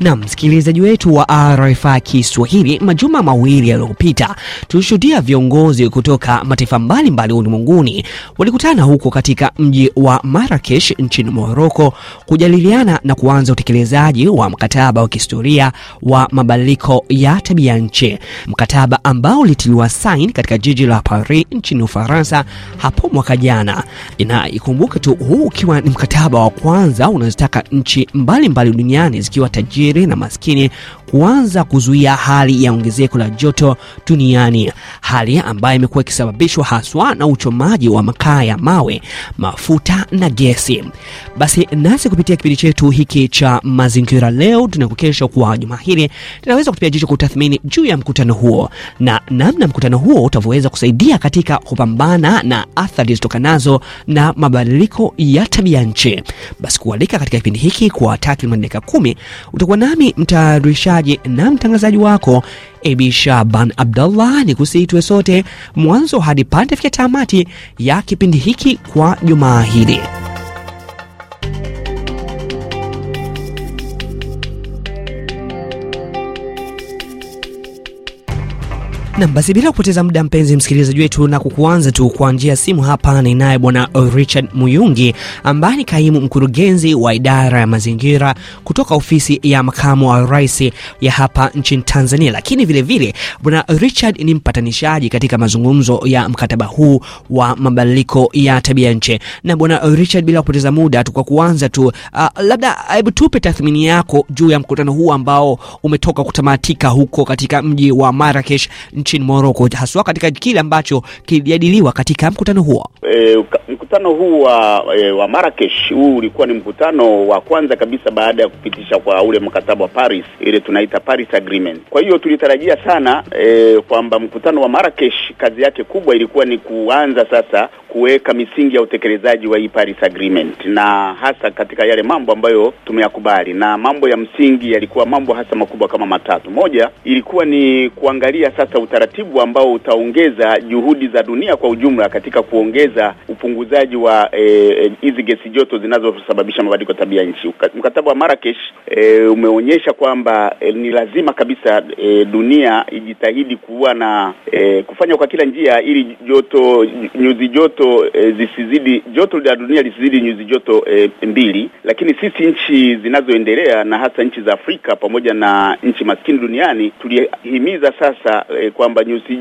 Na msikilizaji wetu wa RFI Kiswahili, majuma mawili yaliyopita tulishuhudia viongozi kutoka mataifa mbalimbali ulimwenguni walikutana huko katika mji wa Marrakesh nchini Morocco kujadiliana na kuanza utekelezaji wa mkataba wa kihistoria wa mabadiliko ya tabia nchi, mkataba ambao ulitiliwa saini katika jiji la Paris nchini Ufaransa hapo mwaka jana. Na ikumbuke tu, huu ukiwa ni mkataba wa kwanza unazitaka nchi mbalimbali mbali duniani zikiwa tajiri tajiri na maskini kuanza kuzuia hali ya ongezeko la joto duniani, hali ambayo imekuwa ikisababishwa haswa na uchomaji wa makaa ya mawe, mafuta na gesi. Basi nasi kupitia kipindi chetu hiki cha mazingira leo, tunakukesha kwa juma hili tunaweza kutupia jicho kutathmini juu ya mkutano huo na namna mkutano huo utavyoweza kusaidia katika kupambana na athari zitokanazo na mabadiliko ya tabia nchi. Basi kualika katika kipindi hiki kwa takriban dakika kumi utakuwa nami mtayarishaji mtayarishaji na mtangazaji wako ebisha ban Abdallah, ni kusiitwe sote mwanzo hadi pande fya tamati ya kipindi hiki kwa jumaa hili. Nam basi, bila kupoteza muda, mpenzi msikilizaji wetu, na kukuanza tu kwa njia ya simu, hapa ni naye Bwana Richard Muyungi ambaye ni kaimu mkurugenzi wa idara ya mazingira kutoka ofisi ya makamu wa rais ya hapa nchini Tanzania. Lakini vilevile Bwana Richard ni mpatanishaji katika mazungumzo ya mkataba huu wa mabadiliko ya tabia nchi. Na Bwana Richard, bila kupoteza muda tu kwa kuanza tu, uh, labda hebu tupe tathmini yako juu ya mkutano huu ambao umetoka kutamatika huko katika mji wa Marrakesh nchini Morocco, haswa katika kile ambacho kilijadiliwa katika mkutano huo. E, mkutano huu wa, e, wa Marrakesh huu ulikuwa ni mkutano wa kwanza kabisa baada ya kupitisha kwa ule mkataba wa Paris, ile tunaita Paris Agreement. Kwa hiyo tulitarajia sana e, kwamba mkutano wa Marrakesh kazi yake kubwa ilikuwa ni kuanza sasa kuweka misingi ya utekelezaji wa hii Paris Agreement na hasa katika yale mambo ambayo tumeyakubali, na mambo ya msingi yalikuwa mambo hasa makubwa kama matatu. Moja ilikuwa ni kuangalia sasa utaratibu utaratibu ambao utaongeza juhudi za dunia kwa ujumla katika kuongeza upunguzaji wa eh, eh, hizi e, gesi joto zinazosababisha mabadiliko ya tabia nchi. Mkataba wa Marrakesh e, umeonyesha kwamba e, ni lazima kabisa e, dunia ijitahidi kuwa na e, kufanya kwa kila njia ili joto nyuzi joto e, zisizidi joto la dunia lisizidi nyuzi joto e, mbili, lakini sisi nchi zinazoendelea na hasa nchi za Afrika pamoja na nchi maskini duniani tulihimiza sasa e, kwamba nyuzi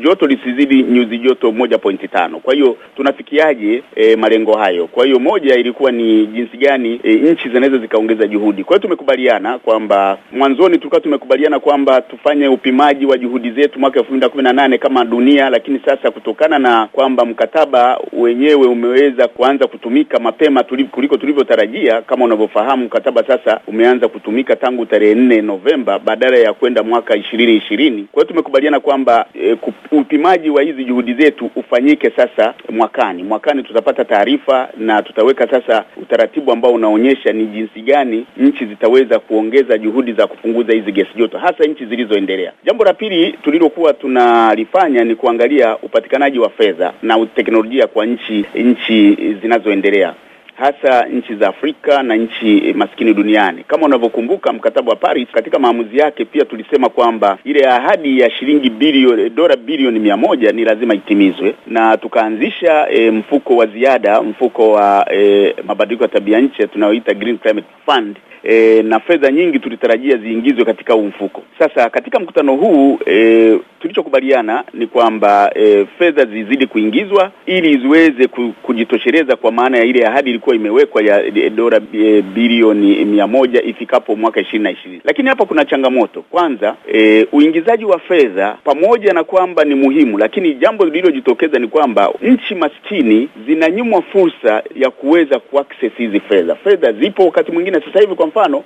joto lisizidi nyuzi joto moja pointi tano. Kwa hiyo tunafikiaje e, malengo hayo? Kwa hiyo moja ilikuwa ni jinsi gani e, nchi zinaweza zikaongeza juhudi. Kwa hiyo tumekubaliana kwamba mwanzoni tulikuwa tumekubaliana kwamba tufanye upimaji wa juhudi zetu mwaka elfu mbili na kumi na nane kama dunia, lakini sasa kutokana na kwamba mkataba wenyewe umeweza kuanza kutumika mapema tulivu, kuliko tulivyotarajia. Kama unavyofahamu mkataba sasa umeanza kutumika tangu tarehe nne Novemba badala ya kwenda mwaka ishirini ishirini. Kwa hiyo tumekubaliana pamoja kwamba e, upimaji wa hizi juhudi zetu ufanyike sasa mwakani. Mwakani tutapata taarifa na tutaweka sasa utaratibu ambao unaonyesha ni jinsi gani nchi zitaweza kuongeza juhudi za kupunguza hizi gesi joto, hasa nchi zilizoendelea. Jambo la pili tulilokuwa tunalifanya ni kuangalia upatikanaji wa fedha na teknolojia kwa nchi nchi zinazoendelea hasa nchi za Afrika na nchi eh, maskini duniani. Kama unavyokumbuka mkataba wa Paris, katika maamuzi yake pia tulisema kwamba ile ahadi ya shilingi bilioni eh, dola bilioni mia moja ni lazima itimizwe, na tukaanzisha e, mfuko wa ziada, mfuko wa e, mabadiliko ya tabia nchi tunayoita Green Climate Fund e, na fedha nyingi tulitarajia ziingizwe katika huu mfuko. Sasa katika mkutano huu e, tulichokubaliana ni kwamba e, fedha zizidi kuingizwa ili ziweze kujitosheleza kwa maana ya ile ahadi ilikuwa imewekwa ya e, dola e, bilioni mia moja ifikapo mwaka ishirini na ishirini. Lakini hapa kuna changamoto. Kwanza e, uingizaji wa fedha pamoja na kwamba ni muhimu, lakini jambo lililojitokeza ni kwamba nchi maskini zinanyimwa fursa ya kuweza kuaccess hizi fedha. Fedha zipo wakati mwingine sasa hivi kwa mfano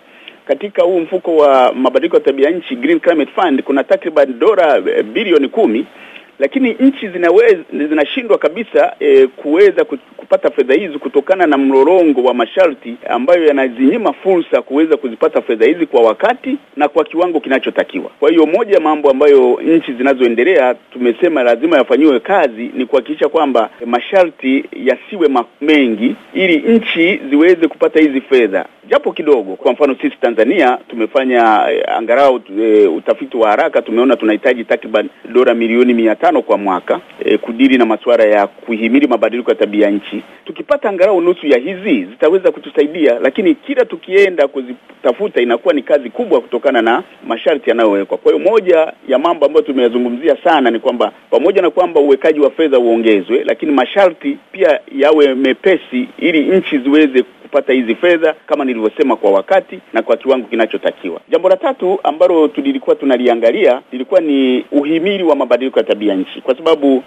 katika huu mfuko wa mabadiliko ya tabia nchi Green Climate Fund kuna takriban dola eh, bilioni kumi lakini nchi zinaweza zinashindwa kabisa e, kuweza kupata fedha hizi kutokana na mlorongo wa masharti ambayo yanazinyima fursa kuweza kuzipata fedha hizi kwa wakati na kwa kiwango kinachotakiwa. Kwa hiyo moja mambo ambayo nchi zinazoendelea tumesema lazima yafanyiwe kazi ni kuhakikisha kwamba masharti yasiwe mengi, ili nchi ziweze kupata hizi fedha japo kidogo. Kwa mfano sisi Tanzania tumefanya eh, angalau eh, utafiti wa haraka, tumeona tunahitaji takriban dola milioni mia tano kwa mwaka eh, kudili na masuala ya kuhimili mabadiliko ya tabia nchi. Tukipata angalau nusu ya hizi zitaweza kutusaidia, lakini kila tukienda kuzitafuta inakuwa ni kazi kubwa kutokana na masharti yanayowekwa. Kwa hiyo moja ya mambo ambayo tumeyazungumzia sana ni kwamba pamoja na kwamba uwekaji wa fedha uongezwe, lakini masharti pia yawe mepesi ili nchi ziweze kupata hizi fedha kama nilivyosema, kwa wakati na kwa kiwango kinachotakiwa. Jambo la tatu ambalo tulilikuwa tunaliangalia lilikuwa ni uhimili wa mabadiliko ya tabia nchi, kwa sababu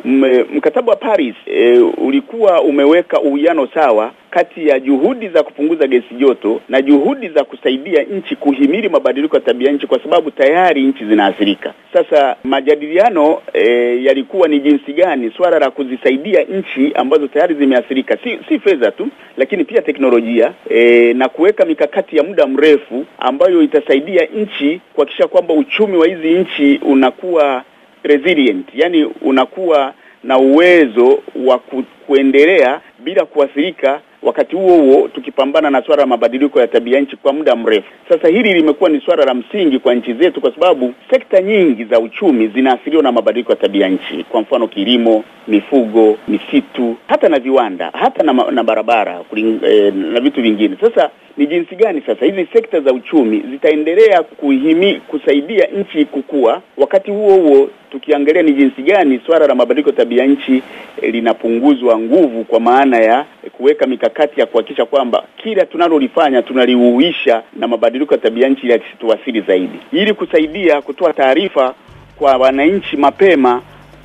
mkataba wa Paris e, ulikuwa umeweka uwiano sawa kati ya juhudi za kupunguza gesi joto na juhudi za kusaidia nchi kuhimili mabadiliko ya tabia nchi, kwa sababu tayari nchi zinaathirika. Sasa majadiliano e, yalikuwa ni jinsi gani swala la kuzisaidia nchi ambazo tayari zimeathirika, si si fedha tu, lakini pia teknolojia e, na kuweka mikakati ya muda mrefu ambayo itasaidia nchi kuhakikisha kwamba uchumi wa hizi nchi unakuwa resilient, yani unakuwa na uwezo wa ku, kuendelea bila kuathirika wakati huo huo tukipambana na swala la mabadiliko ya tabia nchi kwa muda mrefu. Sasa hili limekuwa ni swala la msingi kwa nchi zetu, kwa sababu sekta nyingi za uchumi zinaathiriwa na mabadiliko ya tabia nchi, kwa mfano kilimo, mifugo, misitu, hata na viwanda, hata na, na barabara kuling, eh, na vitu vingine. Sasa ni jinsi gani sasa hizi sekta za uchumi zitaendelea kuhimi kusaidia nchi kukua, wakati huo huo tukiangalia ni jinsi gani swala la mabadiliko tabia nchi eh, linapunguzwa nguvu, kwa maana ya kuweka mikakati ya kuhakikisha kwamba kila tunalolifanya tunalihuisha na mabadiliko ya tabia nchi yasituasili zaidi, ili kusaidia kutoa taarifa kwa wananchi mapema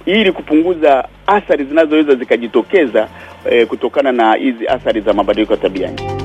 ili kupunguza athari zinazoweza zikajitokeza e, kutokana na hizi athari za mabadiliko ya tabia nchi.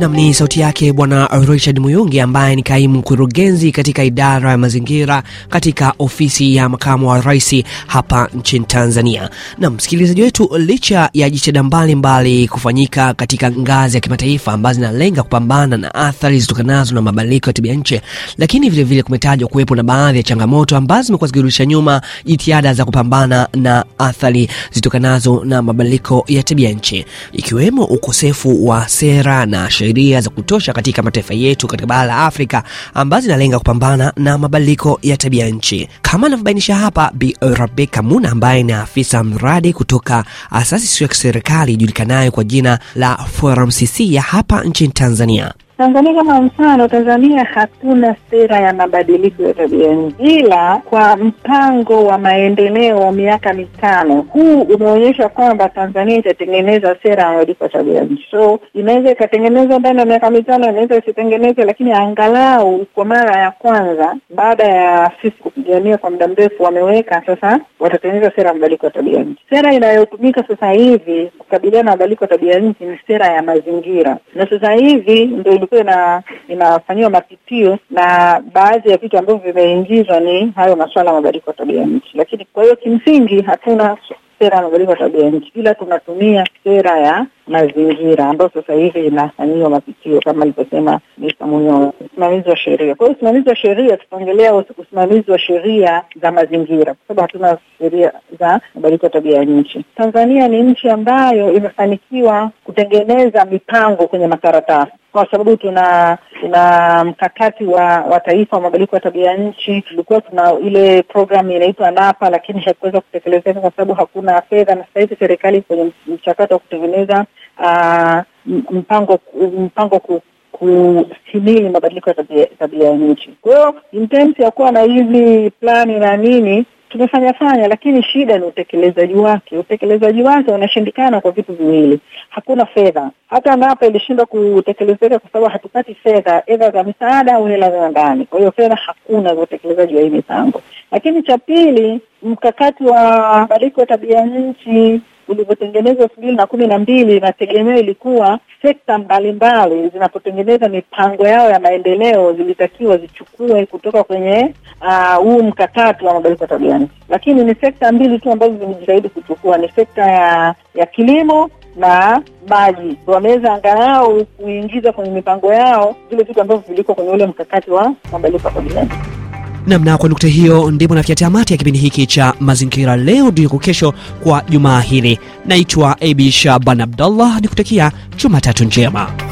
Nam ni sauti yake Bwana Richard Muyungi ambaye ni kaimu mkurugenzi katika idara ya mazingira katika ofisi ya makamu wa rais hapa nchini Tanzania. Na msikilizaji wetu, licha ya jitihada mbalimbali kufanyika katika ngazi ya kimataifa ambazo zinalenga kupambana na athari zitokanazo na mabadiliko ya tabia nchi, lakini vilevile kumetajwa kuwepo na baadhi ya changamoto ambazo zimekuwa zikirudisha nyuma jitihada za kupambana na athari zitokanazo na mabadiliko ya tabia nchi, ikiwemo ukosefu wa sera na sheria za kutosha katika mataifa yetu katika bara la Afrika ambazo zinalenga kupambana na mabadiliko ya tabia nchi, kama anavyobainisha hapa Bi Rebecca Muna ambaye ni afisa mradi kutoka asasi sio ya kiserikali ijulikanayo kwa jina la Forum CC ya hapa nchini Tanzania. Tanzania kama mfano, Tanzania hatuna sera ya mabadiliko ya tabia nchi, ila kwa mpango wa maendeleo wa miaka mitano huu umeonyesha kwamba Tanzania itatengeneza sera ya mabadiliko ya tabia nchi. So inaweza ikatengeneza ndani ya miaka mitano, inaweza isitengeneze lakini angalau kwa mara ya kwanza baada ya sisi kupigania kwa muda mrefu, wameweka sasa, watatengeneza sera ya mabadiliko ya tabia nchi. Sera inayotumika sasa hivi kukabiliana na mabadiliko ya tabia nchi ni sera ya mazingira, na sasa hivi ndio ilikuwa ina inafanyiwa mapitio na baadhi ya vitu ambavyo vimeingizwa ni hayo masuala ya mabadiliko ya tabia nchi, lakini kwa hiyo kimsingi hatuna sera ya mabadiliko ya tabia nchi, ila tunatumia sera ya mazingira ambayo sasa hivi inafanyiwa mapitio kama alivyosema Mr. usimamizi wa sheria. Kwa hiyo usimamizi wa sheria, tutaongelea usimamizi wa sheria za mazingira, kwa sababu hatuna sheria za mabadiliko ya tabia ya nchi. Tanzania ni nchi ambayo imefanikiwa kutengeneza mipango kwenye makaratasi kwa sababu tuna tuna mkakati wa wa taifa wa mabadiliko ya tabia ya nchi. Tulikuwa tuna ile programu inaitwa NAPA, lakini haikuweza kutekelezeka kwa sababu hakuna fedha, na sasa hivi serikali kwenye mchakato wa kutengeneza mpango uh, mpango ku, kuhimili mabadiliko ya tabia, ya nchi. Kwa hiyo in terms ya kuwa na hizi plani na nini tumefanya fanya, lakini shida ni utekelezaji wake. Utekelezaji wake unashindikana kwa vitu viwili, hakuna fedha. Hata NAPA ilishindwa kutekelezeka kwa sababu hatupati fedha, edha za misaada au hela za ndani. Kwa hiyo fedha hakuna za utekelezaji wa hii mipango. Lakini cha pili, mkakati wa mabadiliko ya tabia ya nchi ulivyotengenezwa elfu mbili na kumi na mbili inategemea ilikuwa sekta mbalimbali zinapotengeneza mipango yao ya maendeleo zilitakiwa zichukue kutoka kwenye uh, huu uh, mkakati wa mabadiliko ya tabia nchi, lakini ni sekta mbili tu ambazo zimejitahidi kuchukua, ni sekta ya ya kilimo na maji. Wameweza angalau kuingiza kwenye mipango yao vile vitu ambavyo viliko kwenye ule mkakati wa mabadiliko ya tabia nchi. Namna kwa nukta hiyo, ndipo nafikia tamati ya kipindi hiki cha mazingira leo dunia kesho kwa jumaa hili. Naitwa Abi Shaban Abdallah, nikutakia Jumatatu njema.